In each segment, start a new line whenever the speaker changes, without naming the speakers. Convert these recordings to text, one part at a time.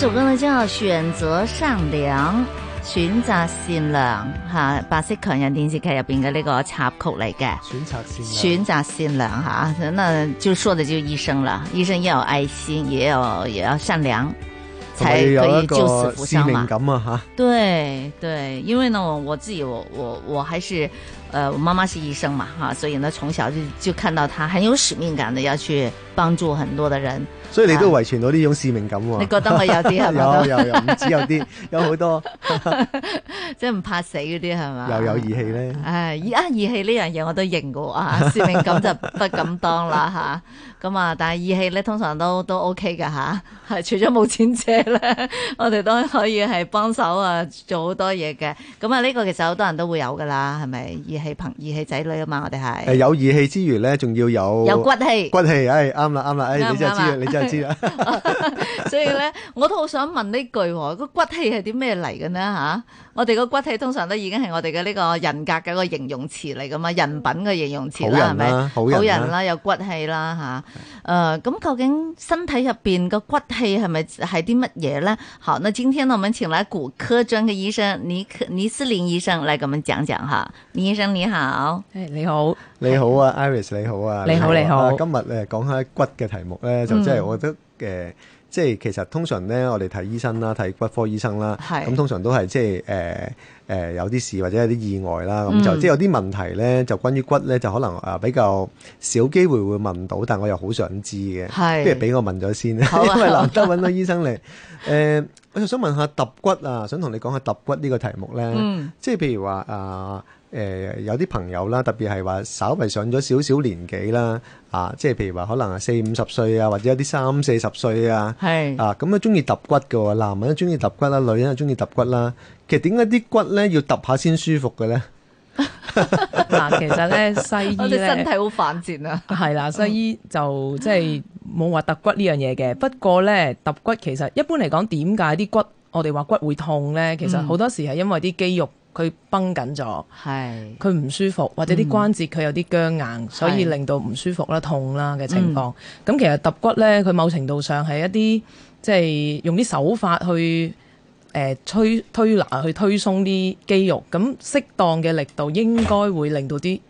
首歌呢之後，叫選擇善良，選擇善良，哈，白色強人電視劇入邊嘅呢個插曲嚟嘅，選擇善良，選擇善良，吓，那就說的就醫生了，醫生要有愛心，也要也要善良，
才可以救死扶傷嘛，使命感
啊、對對，因為呢，我我自己，我我我還是，呃，我媽媽是醫生嘛，哈，所以呢，從小就就看到她很有使命感的要去。幫助很多的人，
所以你都遺傳到呢種使命感喎、啊。 你覺得我有啲係有有有，唔止有啲，有好多，
即係唔怕死嗰啲係嘛？又有義氣咧？唉，而家義氣呢樣嘢、哎啊、我都認噶喎、啊，使命感就不敢當啦吓。咁啊，但係義氣咧通常都都 OK 噶吓，係、啊、除咗冇錢借咧，我哋都可以係幫手啊，做好多嘢嘅。咁啊，呢、這個其實好多人都會有噶啦，係咪？義氣朋義氣仔女啊嘛，我哋係、呃。
有義氣之餘咧，仲要有有骨氣，骨氣、哎啱啦，啱啦，哎，你真係知啦，
你真係知啦。所以咧，我都好想問呢句：個骨氣係啲咩嚟嘅呢？吓，我哋個骨氣通常都已經係我哋嘅呢個人格嘅一個形容詞嚟噶嘛，人品嘅形容詞啦，係咪？好人啦，有骨氣啦，吓。誒，咁究竟身體入邊個骨氣係咪係啲乜嘢咧？好，那今天我們請來骨科專科醫生倪司玲醫生嚟，咁我們講講吓。倪醫生你好，你好，你
好啊，Iris 你好啊，你好你好。今日你講下。骨嘅題目咧，就即係我覺得，誒、呃，即係其實通常咧，我哋睇醫生啦，睇骨科醫生啦，咁是通常都係即係，誒、呃，誒、呃，有啲事或者有啲意外啦，咁、嗯、就即係有啲問題咧，就關於骨咧，就可能誒比較少機會會問到，但我又好想知嘅，是不如俾我問咗先啦，吧 因為難得揾到醫生嚟，誒吧、 呃，我就想問下揼骨啊，想同你講下揼骨呢個題目咧，嗯、即係譬如話啊。啊嗯誒、呃，有啲朋友啦，特別係話稍微上咗少少年紀啦，啊，即係譬如話可能係四五十歲啊，或者有啲三四十歲啊，係是啊，咁啊中意揼骨嘅、哦，男人中意揼骨啦，女人又中意揼骨啦。其實點解啲骨咧要揼下先舒服嘅咧？
嗱、 啊，其實咧西醫身體好反賤啊。係啦， 西醫就即係冇話揼骨呢樣嘢嘅。不過咧揼骨其實一般嚟講，點解啲骨我哋話骨會痛咧？其實好多時係因為啲肌肉、嗯。佢繃緊咗，係佢唔舒服，或者啲關節佢有啲僵硬，嗯、所以令到唔舒服啦、痛啦嘅情況。咁、嗯、其實揼骨咧，佢某程度上係一啲即係用啲手法去誒、呃、推推拿，去推鬆啲肌肉。咁、嗯、適當嘅力度應該會令到啲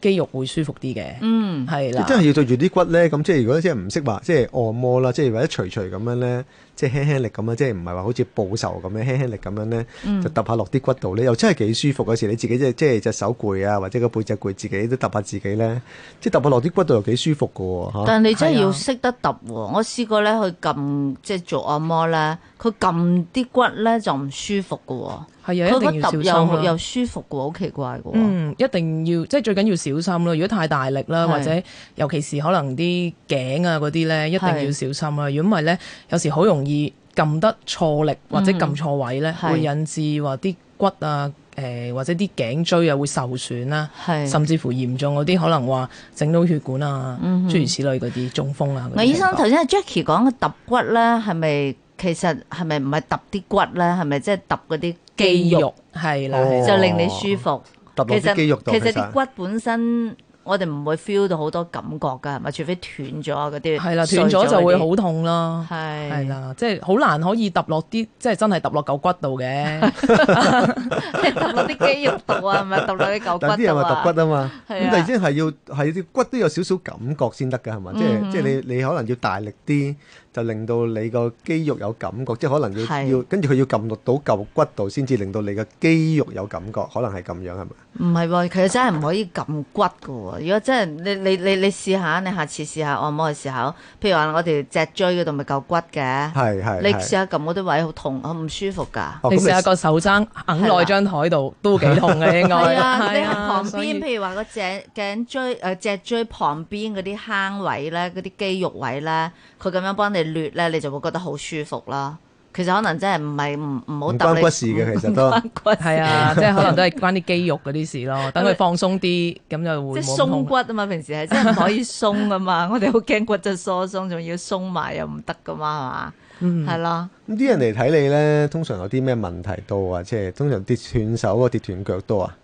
肌肉會舒服啲嘅。嗯，係啦。真
係要對住啲骨咧，咁即係如果即係唔識話，即係按摩啦，即係或者捶捶咁樣咧。即係輕輕力咁啊！即係唔係話好似報仇咁樣輕輕力咁樣咧，就揼下落啲骨度咧，又真係幾舒服嗰時，你自己即係即係隻手攰啊，或者個背脊攰，自己都揼下自己咧，即係揼下落啲骨度又幾舒服噶喎嚇！但係你真係要識
得揼喎，我試過咧去撳即係做按摩咧，佢撳啲骨咧就唔舒服噶喎。係啊，一定要小心喎！佢揼又又舒服噶喎，好奇怪噶喎。嗯，一
定要即係最緊要小心咯。如果太大力啦，或者尤其是可能啲頸啊嗰啲咧，一定要小心啦。如果唔係咧，有時好容易。而撳得錯力或者撳錯位咧，嗯、會引致話啲骨啊，誒、呃、或者啲頸椎啊會受損啦、
啊，是甚至乎嚴重嗰啲可能話整到血管啊、嗯、哼諸如此類嗰啲中風啊。嗱、嗯哼，醫生頭先阿 Jacky 講嘅揼骨咧，係咪其實係咪唔係揼啲骨咧？係咪即係揼嗰啲肌肉？係啦，就令你舒服。揼落啲肌肉度嘅。其實啲骨本身。我哋唔會 feel 到好多感覺㗎，係咪？除非斷咗嗰啲，係啦的，斷咗就會好
痛囉。
係的，係啦，即係好難可以揼落啲，即係真係揼
落
狗骨度嘅，即係揼落啲肌肉度啊，係咪？揼落啲狗骨度啲 人咪揼骨啊嘛，咁但係先係要係啲骨都有少少感覺先得㗎，係咪？嗯嗯，即係即係你你可能要大力啲。就令到你個肌肉有感覺，即係可能要要跟住佢要撳落到嚿骨度先至令到你個肌肉有感覺，可能係咁樣係咪？唔
係喎，其實真係唔可以撳骨嘅喎。如果真係你你你你試下，你下次試下按摩嘅時候，譬如話我哋脊椎嗰度咪嚿骨嘅，係係。你試下撳嗰啲位，好痛，好唔舒服㗎。你試、哦哦嗯嗯、下個
手踭揞耐張台度都幾痛嘅應該。係啊，啊你旁邊
譬如話個脊頸椎誒脊椎旁邊嗰啲坑位咧，嗰啲肌肉位咧，佢咁樣幫你。劣咧，你就會覺得好舒服啦。其實可能真係唔係唔唔好揼你唔關骨事嘅，其實都係 啊，即係可能都係關啲肌肉嗰啲事咯。等佢 放鬆啲，咁
就會即係鬆骨
啊嘛。平時係真係唔可以鬆啊嘛。 我哋好驚骨質疏鬆，仲要鬆埋又唔得噶嘛，係嘛？嗯，係是咯。
咁啲人嚟睇你咧，通常有啲咩問題多啊？即係通常跌斷手啊，跌斷腳多啊？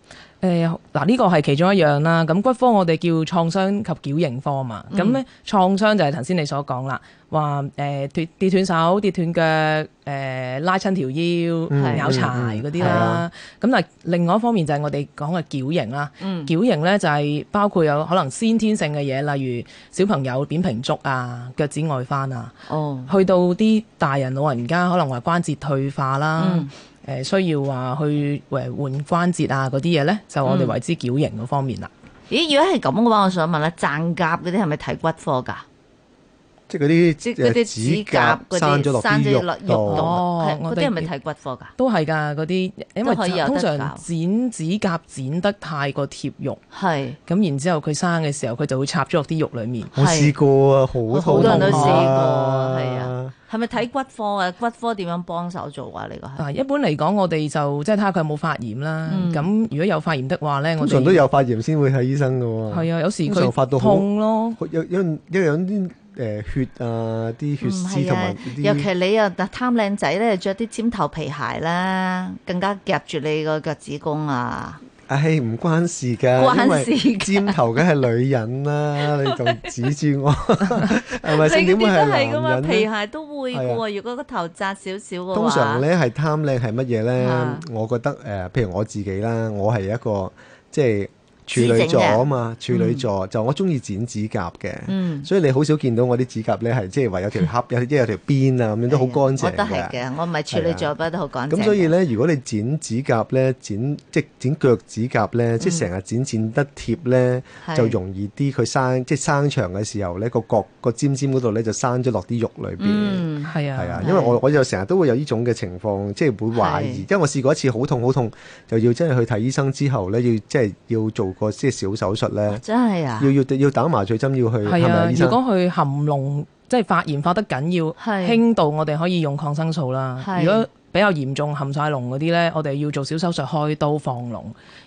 誒，嗱呢、呃這個
係其中一樣啦。咁骨科我哋叫創傷及矯形科嘛。咁咧、嗯、創傷就係頭先你所講啦，話誒、呃、跌跌斷手跌斷腳，誒、呃、拉親條腰，嗯、咬柴嗰啲啦。咁、嗯、但係另外一方面就係我哋講嘅矯形啦。嗯、矯形咧就係包括有可能先天性嘅嘢，例如小朋友扁平足啊、腳趾外翻啊。哦，去到啲大人老人家，可能話關節退化啦。嗯誒，需要話去誒換關節啊嗰啲嘢咧，就我哋為之矯形
嗰方面啦、嗯。咦，如果係咁嘅話，我想問咧，指甲嗰啲係咪睇骨科噶？即
係嗰啲即係指甲生咗落生咗落
肉度，嗰啲係咪睇骨
科噶？都係噶嗰啲，因為通常剪指甲剪得太過貼肉，係咁然之後佢生嘅時候，佢就會插咗落啲肉裏面。是我試
過啊，好痛，好多人都試過，係啊。
係咪睇骨科啊？骨科點樣幫手做啊？呢個
係一般嚟講，我哋就即係睇下佢有冇發炎啦。咁、嗯、如果有發炎的話咧，我通常都
有發炎先會睇醫生嘅喎。係啊，有時佢發到痛咯。有因因有啲誒血啊，啲血絲同埋啲。啊、尤其
你又特貪靚仔咧，着啲尖頭皮鞋啦，更加夾住你個腳趾公啊！
係唔關事噶，關事尖頭梗係女人啦， 你仲指住我，係咪先？點 都係男人，皮鞋
都會噶。啊、如果個頭窄少少嘅話通常咧
係貪靚係乜嘢咧？呢嗯、我覺得誒、呃，譬如我自己啦，我係一個即係。處女座啊嘛，處女座就我中意剪指甲嘅，所以你好少見到我啲指甲咧，係即係話有條黑有即係有條邊啊，咁樣都好乾淨嘅。我
都係嘅，我唔係處女座，不過都好乾淨。咁所以
咧，如果你剪指甲咧，剪即係剪腳指甲咧，即係成日剪剪得貼咧，就容易啲佢生即係生長嘅時候咧，個角個尖尖嗰度咧就生咗落啲肉裏邊。
係啊，係啊，因為
我我就成日都會有呢種嘅情況，即係會懷疑，因為我試過一次好痛好痛，就要真係去睇醫生之後咧要即係要做。個即係小手術呢，真係啊！要要要打麻醉針，要去係啊！是是如果
佢含膿，即係發炎發得緊，要是輕度我哋可以用抗生素啦。是如果比較嚴重含晒膿嗰啲呢，我哋要做小手術，開刀放膿，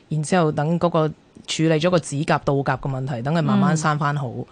然之後等嗰個處理咗個指甲倒甲嘅問題，等佢慢慢生翻好。嗯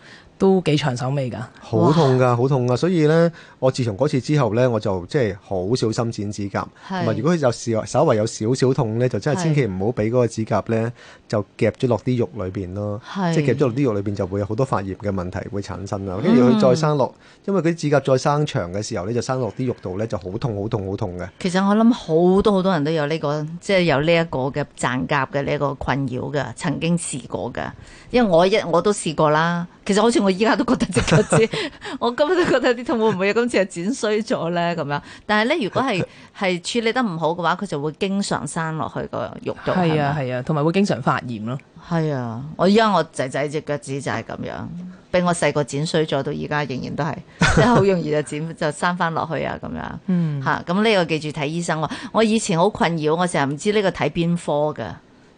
都幾長手尾㗎，好哇痛
㗎，好痛㗎，所以咧，我自從嗰次之後咧，我就即係好小心剪指甲，唔係是如果佢有時稍為有少少痛咧，就真係千祈唔好俾嗰個指甲咧就夾咗落啲肉裏邊咯，是即係夾咗落啲肉裏邊就會有好多發炎嘅問題會產生啦，跟住佢再生落，嗯、因為佢啲指甲再生長嘅時候咧，就生落啲肉度咧就好痛，好痛，好痛嘅。痛
其實我諗好多好多人都有呢、這個，即、就、係、是、有呢一個嘅殘甲嘅呢一個困擾嘅，曾經試過嘅，因為我一我都試過啦。其實好似我依家都覺得隻腳趾， 我今日都覺得啲痛會會，會唔會今次係剪衰咗咧咁樣但呢？但係咧如果係係處理得唔好嘅話，佢就會經常生落去個肉度係啊係，啊，同埋，啊、會經常發炎咯。係啊，我依家我仔仔隻腳趾就係咁樣，俾我細個剪衰咗，到依家仍然都係，即係好容易就剪就生翻落去啊咁樣。 嗯、啊，吓咁呢個記住睇醫生喎。我以前好困擾，我成日唔知呢個睇邊科㗎。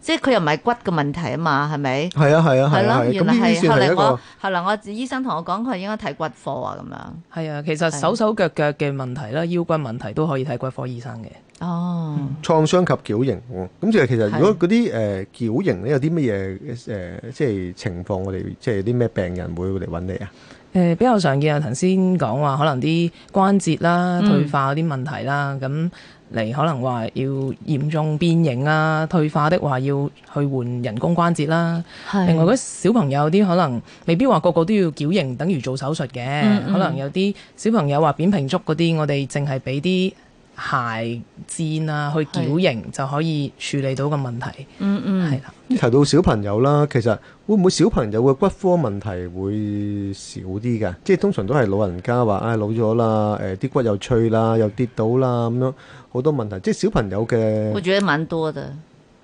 即係佢又唔係骨嘅問題啊嘛，係咪？係啊係啊係咯，原來係啊，後來我醫生同我講，佢應該睇骨科啊咁樣。
係啊，其實手手腳腳嘅問題啦，腰骨問題都可以睇骨科醫生嘅。
哦。嗯、
創傷及矯形喎，咁、嗯、即係其實如果嗰啲誒矯形咧有啲乜嘢誒，即係情況，我哋即係啲咩病人會嚟搵你啊？
誒、呃、比較常見啊，頭先講話可能啲關節啦、退化嗰啲問題啦，咁、嗯。嚟可能話要嚴重變形啊、退化的話要去換人工關節啦、啊。是另外，嗰啲小朋友啲可能未必話個個都要矯形，等於做手術嘅，嗯嗯，可能有啲小朋友話扁平足嗰啲，我哋淨係俾啲。鞋墊啦、啊，去矯形是就可以處理到個問題。
嗯嗯，係、嗯、啦。的提到小朋友啦，其實會唔會小朋友嘅骨科問題會少啲㗎？即係通常都係老人家話唉、哎，老咗啦，誒、呃、啲骨又脆啦，又跌到啦咁樣，好多問題。即係小朋友嘅，我覺
得蠻多嘅，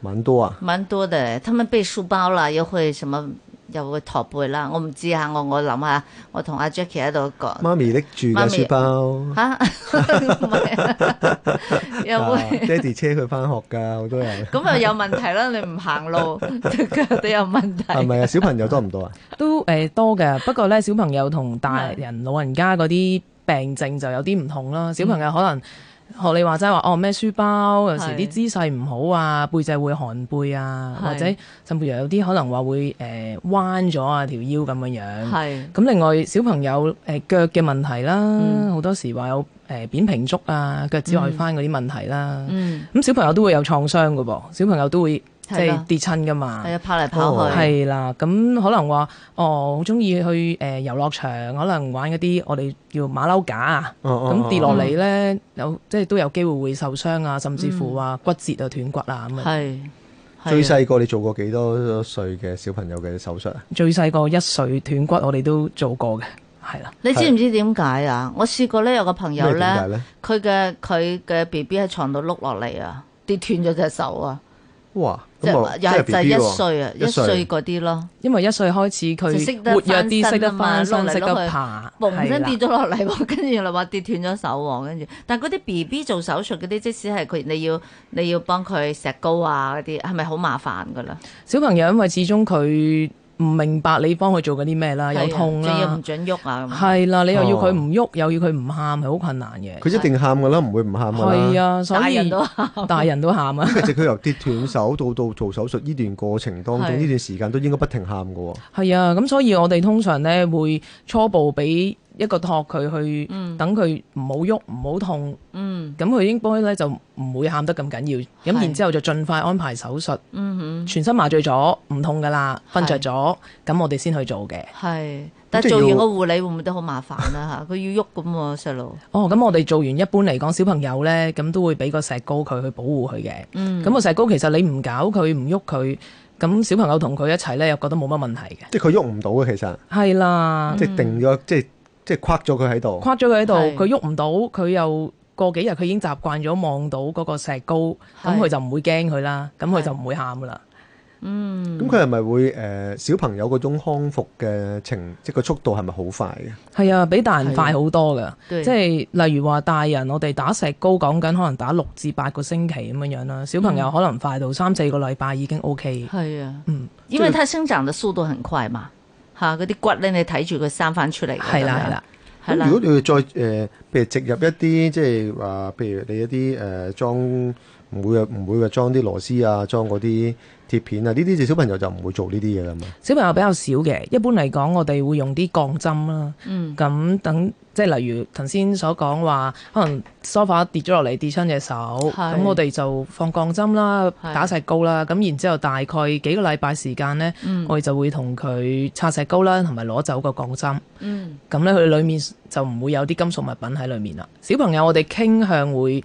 蠻多啊，蠻多嘅。他們背書包啦，又會什麼？又會駝背啦，我唔知啊，我我諗下，我同阿 Jackie 喺度
講。媽咪拎住個書包。
嚇、啊！ 啊、 又會。爹
哋車佢翻學㗎，好多人。
咁啊，有問題啦，你唔行路 都
有問題。係咪啊？小朋
友多唔多啊？
都誒、呃、多嘅，不過咧，小朋友同大人老人家嗰啲病症就有啲唔同啦。小朋友可能。學你話齋話，哦咩書包，是有時啲姿勢唔好啊，背脊會寒背啊。是或者甚至乎有啲可能話會誒、呃、彎咗啊條腰咁樣，係咁。是另外小朋友誒、呃、腳嘅問題啦，好、嗯、多時話有誒、呃、扁平足啊、腳趾外翻嗰啲問題啦，嗯咁、嗯、小朋友都會有創傷噶噃，小朋友都會。即係跌親噶嘛，係啊，
跑嚟跑去、哦，係、嗯、
啦。咁可能話，哦，好中意去誒、呃、遊樂場，可能玩嗰啲我哋叫馬騮架啊。咁跌落嚟咧，有即係都有機會會受傷啊，甚至乎話骨折啊、斷骨啊咁。係
最細個，你做過幾多歲嘅小朋友嘅手術啊？
最細個一歲斷骨，我哋都做過嘅，係啦。你知唔
知點解啊？的我試過咧，有個朋友咧，佢嘅佢嘅 BB 喺床度碌落嚟啊，跌斷咗隻手啊！嗯哇！即係又就一歲啊，一歲嗰啲咯，歲歲，因為一歲開始佢，活躍啲，識得翻，識得爬，嘣聲跌咗落嚟，跟住又話跌斷咗手喎，跟住，但係嗰啲 B B 做手術嗰啲，即使係佢你要你要幫佢石膏啊嗰啲，係咪好麻煩噶啦？
小朋友因為始終佢。唔明白你幫佢做緊啲咩啦，又痛啦，仲要唔
準喐啊！
係啦，你又要佢唔喐，又要佢唔喊，係好困難嘅。佢一
定喊㗎啦，唔會唔喊嘅啦。係啊，
所以大人都喊啊。咁其實
佢由跌斷手到到做手術呢段過程當中，呢段時間都應該不停喊㗎喎。
係啊，咁所以我哋通常咧會初步俾一個托佢去，等佢唔好喐，唔好痛。咁佢應該咧就唔會喊得咁緊要。咁然之後就盡快安排手術，全身麻醉咗，唔痛噶啦，瞓着咗，咁我哋先去做嘅。
係，但係做完個護理會唔會得好麻煩呀？吓，佢要喐咁，細路。
哦，咁我哋做完一般嚟講，小朋友咧咁都會俾個石膏佢去保護佢嘅。咁個石膏其實你唔搞佢唔喐佢，咁小朋友同佢一齊咧又覺得冇乜問題嘅。
即係佢喐唔到嘅，其實係
啦。即係定
咗，即係。即係框咗佢喺度，框咗佢喺度，佢
喐唔到，佢又過幾日，佢已經習慣咗望到嗰個石膏，咁佢是就唔會驚佢啦，咁佢是就唔會喊噶啦。嗯，
咁佢係咪會誒、呃、小朋友嗰種康復嘅程，即個速度係咪好快
嘅？係啊，比大人快好多噶。啊、即係例如話大人，我哋打石膏講緊可能打六至八個星期咁樣樣啦，小朋友可能快到三、嗯、四個禮拜已經 OK。係啊，嗯，對因為佢生
長的速度很快嘛。嚇！嗰啲、啊、骨咧，你睇住佢生翻出嚟。係啦，係啦，
係啦。如果你要再誒、呃，譬如植入一啲即係話，譬如你一啲誒、呃、裝，唔會啊，唔會話裝啲螺絲啊，裝嗰啲鐵片啊，呢啲就小朋友就唔會做呢啲嘢啦嘛。
小朋友比較少嘅，一般嚟講，我哋會用啲鋼針啦、啊。嗯，咁等。即係例如，騰先所講話，可能梳 o 跌咗落嚟，跌親隻手，咁是我哋就放鋼針啦，打石膏啦，咁是然之後大概幾個禮拜時間呢，嗯、我哋就會同佢擦石膏啦，同埋攞走個鋼針。咁呢、嗯，佢裏面就唔會有啲金屬物品喺裏面啦。小朋友，我哋傾向會誒、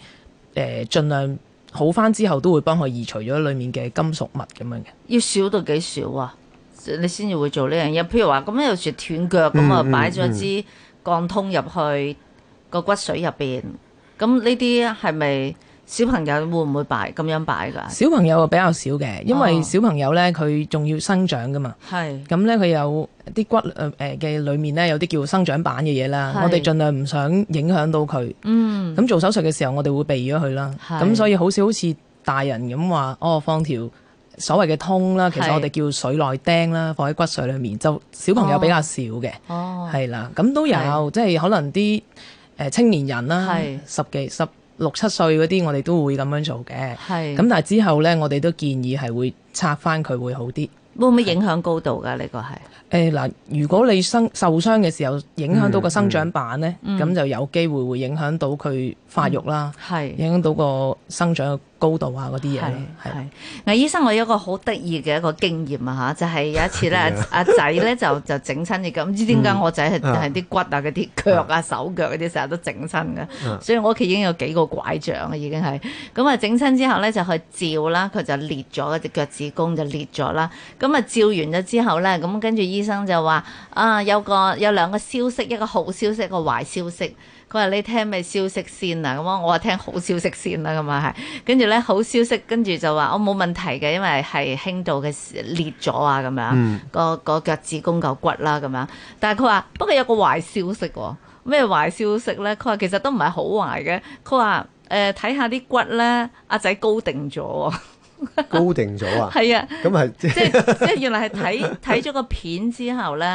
呃、盡量好翻之後，都會幫佢移除咗裏面嘅金屬物咁樣嘅。
要少到幾少啊？你先至會做呢樣嘢。譬如話咁樣有時斷腳咁啊，擺咗支、嗯。嗯嗯鋼通入去、個骨髓入邊，咁呢啲係咪小朋友會唔會擺咁樣擺㗎？
小朋友比較少嘅，因為小朋友呢，佢仲要生長噶嘛。係、哦。咁咧佢有啲骨誒嘅、呃、裡面呢，有啲叫生長板嘅嘢啦，是我哋盡量唔想影響到佢。嗯。咁做手術嘅時候，我哋會避咗佢啦。係是。咁所以好少好似大人咁話，哦放條。所謂嘅通啦，其實我哋叫髓內釘啦，放喺骨髓裏面，就小朋友比較少嘅，係、哦哦、啦，咁都有，是即係可能啲誒、呃、青年人啦，是十幾、十六七歲嗰啲是，我哋都會咁樣做嘅。係咁，但係之後咧，我哋都建議係會拆翻佢會好啲。會唔會影響高度㗎？呢個係誒嗱，如果你生受傷嘅時候影響到個生長板咧，咁、嗯嗯、就有機會會影響到佢發育啦，嗯、影響到個生長。高度啊嗰啲嘢，係係
嗱，是醫生我有一個好得意嘅一個經驗啊吓，就係、是、有一次咧，阿仔咧就就整親你咁，唔知點解我仔係係啲骨啊啲腳啊，啊，啊手腳嗰啲成日都整親嘅，嗯、所以我屋企已經有幾個拐杖啊，已經係咁啊整親之後咧就去照啦，佢就裂咗隻腳趾公就裂咗啦，咁啊照完咗之後咧，咁跟住醫生就話啊有個有兩個，個消息，一個好消息，一個壞消息。佢話你聽咩消息先啊，咁我話聽好消息先啦、啊，咁啊係，跟住咧好消息，跟住就話我冇問題嘅，因為係輕度嘅裂咗啊，咁樣，嗯、個個腳趾公夠骨啦，咁樣。但係佢話不過有個壞消息、哦，咩壞消息咧？佢話其實都唔係好壞嘅，佢話誒睇下啲骨咧，阿仔高定咗、哦，
高定咗啊？係 啊，咁啊 即，即係
即係原來係睇睇咗個片之後咧，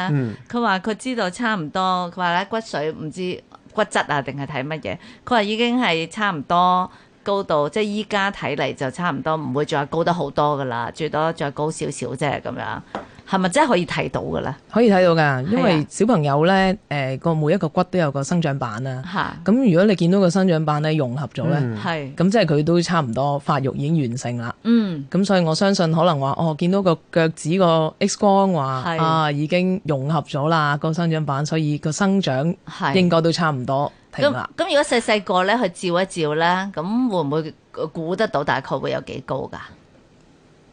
佢話佢知道差唔多，佢話咧骨髓唔知。骨質啊，定係睇乜嘢？佢話已經係差唔多。高度即係依家睇嚟就差唔多，唔會再高得好多噶啦，最多再高少少啫咁樣。係咪真係可以睇到噶啦？
可以睇到噶，因為小朋友咧，誒個每一個骨都有個生長板啊。嚇！咁如果你見到個生長板咧融合咗咧，係咁、嗯、即係佢都差唔多發育已經完成啦。嗯。咁所以我相信可能話，哦見到個腳趾個 X 光話啊，啊已經融合咗啦、個生長板，所以個生長應該都差唔多。
咁咁如果細細個咧去照一照咧，咁會唔會估得到大概會有幾高噶？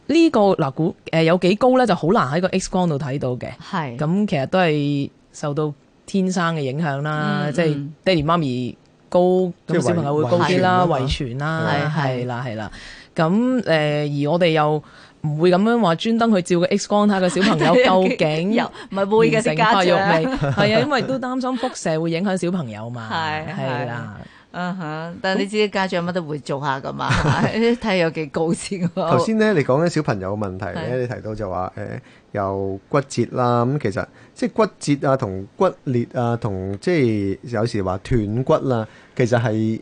呢個呃、高呢個嗱估誒有幾高咧就好難喺個 X 光度睇到嘅。係咁是，其實都係受到天生嘅影響啦，嗯嗯即係爹哋媽咪高，咁小朋友會高啲啦，遺傳啦，係啦係啦。咁誒、啊呃、而我哋又。唔會咁樣話專登去照個 X 光睇個小朋友究竟又
唔係會嘅，成家仔係啊，因為都擔心輻射會影響小朋友嘛。係係啦，嗯哼，但係你知家長乜都會做下噶嘛，睇有幾高先。頭先
咧，你講緊小朋友嘅問題咧，你提到就話誒，有骨折啦，咁其實即係骨折啊，同骨裂啊，同即係有時話斷骨啦，其實係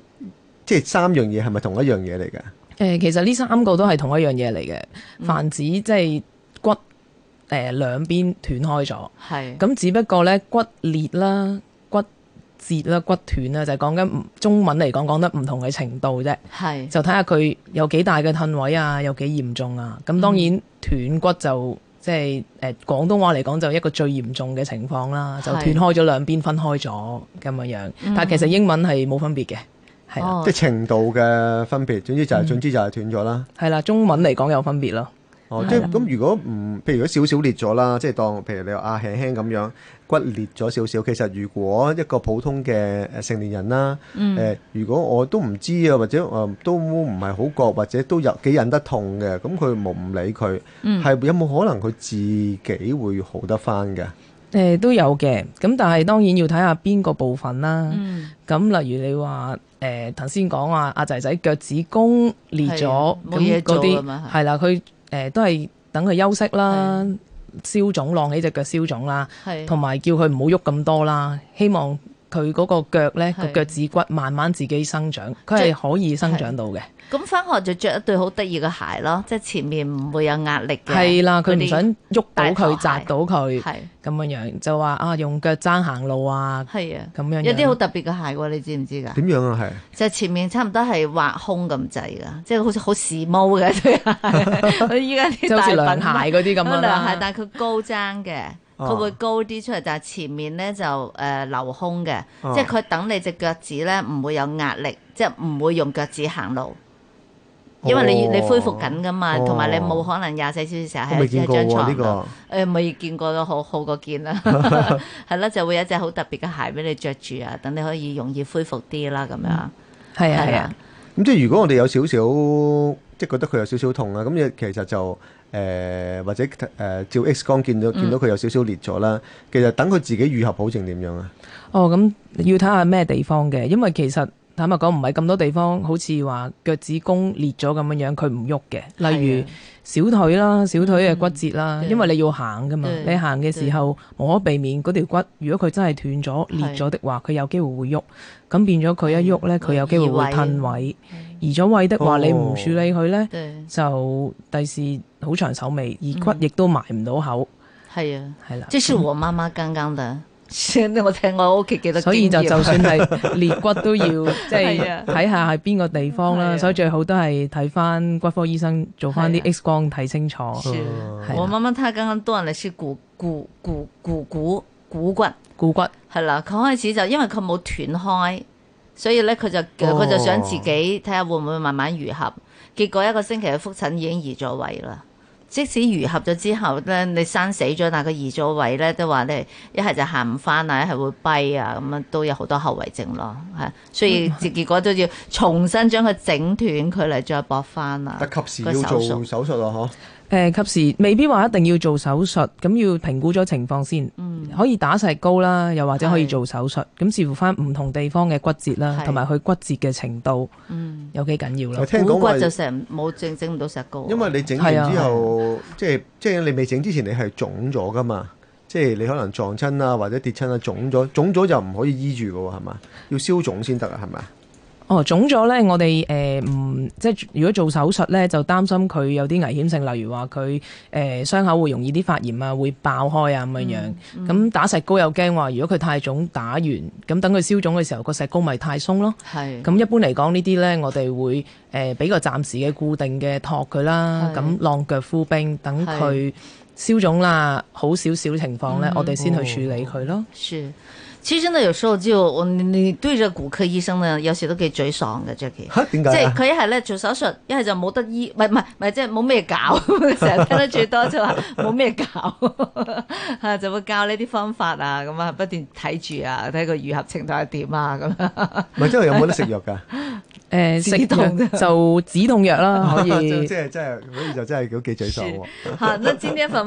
即係三樣嘢係咪同一樣嘢嚟㗎？
誒，其實呢三個都係同一樣嘢嚟嘅，泛指即係骨誒兩邊斷開咗。係咁是，只不過咧骨裂啦、骨折啦、骨斷啦，啦，就係講、是、緊中文嚟講講得唔同嘅程度啫。係是就睇下佢有幾大嘅褪位啊，有幾嚴重啊。咁當然斷骨就即係誒廣東話嚟講就一個最嚴重嘅情況啦，就斷開咗兩邊分開咗咁樣樣。但係其實英文係冇分別嘅。係啦，哦、即係
程度嘅分別，總之就係、是嗯、總之就係斷咗啦。
係啦，中文嚟講有分別咯。
哦，係嗯、即係咁，如果唔，譬如如果少少裂咗啦，即係當譬如你話啊輕輕咁樣骨裂咗少少，其實如果一個普通嘅成年人啦，誒、嗯呃，如果我都唔知啊，或者啊、呃、都唔係好覺，或者都有幾忍得痛嘅，咁佢冇唔理佢，係有冇可能佢自己會好得返嘅？嗯
誒、呃，都有嘅，咁但係當然要睇下邊個部分啦。咁、嗯啊、例如你話誒，頭先講話阿仔仔腳趾公裂咗，冇嘢的、嗯、做係啦，佢誒、呃、都係等佢休息啦，的消腫，晾起隻腳消腫啦，同埋的叫佢唔好喐咁多啦。希望佢嗰個腳咧的個腳趾骨慢慢自己生長，佢係的可以生長到嘅。
咁翻學就着一對好得意嘅鞋咯，即係前面唔會有壓力嘅。係啦，佢唔想喐到佢，扎到佢，咁樣樣就話啊，用腳踭行路啊。係啊，咁樣樣。有啲好特別嘅鞋喎，你知唔知㗎？點樣啊？係就係前面差唔多係挖空咁滯㗎，即係好似好時髦嘅。依家啲似涼鞋嗰啲咁啦。涼鞋，但係佢高踭嘅，佢會高啲出嚟，但係前面咧就誒留空嘅，即係佢等你隻腳趾咧唔會有壓力，即係唔會用腳趾行路。
因為你你恢復緊噶嘛，同埋你冇可
能廿四小時成日喺喺張床度。誒，未見過都好好過見啦，係啦，就會有一隻好特別嘅鞋俾你着住啊，等你可以容易恢復啲啦，咁樣。係啊
係啊。咁即係如果我哋有少少，即係覺得佢有少少痛啦，咁其實就誒或者誒照 X 光見到見到佢有少少裂咗啦，其實等佢自己愈合好定點樣啊？
哦，咁要睇下咩地方嘅，因為其實。坦白講，唔係咁多地方，好似話腳趾公裂咗咁樣樣，佢唔喐嘅。例如小腿啦，小腿嘅骨折啦，因為你要行噶嘛，你行嘅時候，無可避免嗰條骨，如果佢真係斷咗、裂咗的話，佢有機會會喐。咁變咗佢一喐咧，佢有機會會褪位。移咗位的話，你唔處理佢咧，就第時好長手尾，而骨亦都埋唔到口。
係啊，係啊。.所以我聽我屋企幾多，所以就就算係裂骨都要即係睇下係邊個地方啦， 啊、所以最好都係
睇翻骨科醫生做翻啲 X 光睇清楚。我
媽媽睇緊緊多人嚟，是股股股股骨股骨，係啦骨。佢、啊、開始就因為佢冇斷開，所以咧佢就佢就想自己睇下會唔會慢慢愈合，哦、結果一個星期嘅覆診已經移咗位啦。即使愈合咗之後咧，你生死咗，但個移咗位咧都話咧，一係就行唔翻啊，一係會跛啊，咁樣都有好多後遺症咯，係，所以結結果都要重新將佢整斷佢嚟再搏翻啊，得 及時
要做手術啊，嗬。
誒、呃，及時未必話一定要做手術，咁要評估咗情況先，嗯、可以打石膏啦，又或者可以做手術，咁視是乎翻唔同地方嘅骨折啦，同埋佢骨折嘅程度，嗯、有幾緊要、啊、我聽講啦。骨骨
就成冇整整唔到石膏。因為你整完之後，即係即係你未整之前，你係腫咗噶嘛？即、就、係、是、你可能撞親啦，或者跌親啦，腫咗，腫咗就唔可以醫住噶喎，係嘛？要消腫先得啊，係咪？
哦，腫咗呢，我哋誒唔即係如果做手術呢，就擔心佢有啲危險性，例如話佢誒傷口會容易啲發炎啊，會爆開啊咁樣樣。咁、嗯嗯、打石膏又驚話，如果佢太腫，打完咁等佢消腫嘅時候，個石膏咪太鬆咯。係是。咁一般嚟講，呢啲呢，我哋會誒俾個暫時嘅固定嘅托佢啦，咁晾是腳敷冰，等佢是。消腫啦，
好少少情況咧，嗯、我哋先去處理佢咯。是，其實呢，有時候就我你對著骨科醫生呢，有時都幾沮喪嘅 Jackie 嚇？點解？即係佢一係咧做手術，一係就冇得醫，唔係唔係，即係冇咩搞。成 日聽得最多就話冇咩搞、 啊，就會教呢啲方法啊，咁啊不斷睇住啊，睇個愈合程度係點啊咁樣。唔係即係有冇得食藥㗎？誒，止痛
就止痛藥啦 就， 可以。即係
即係，好似就真係幾沮喪
喎。呢一份。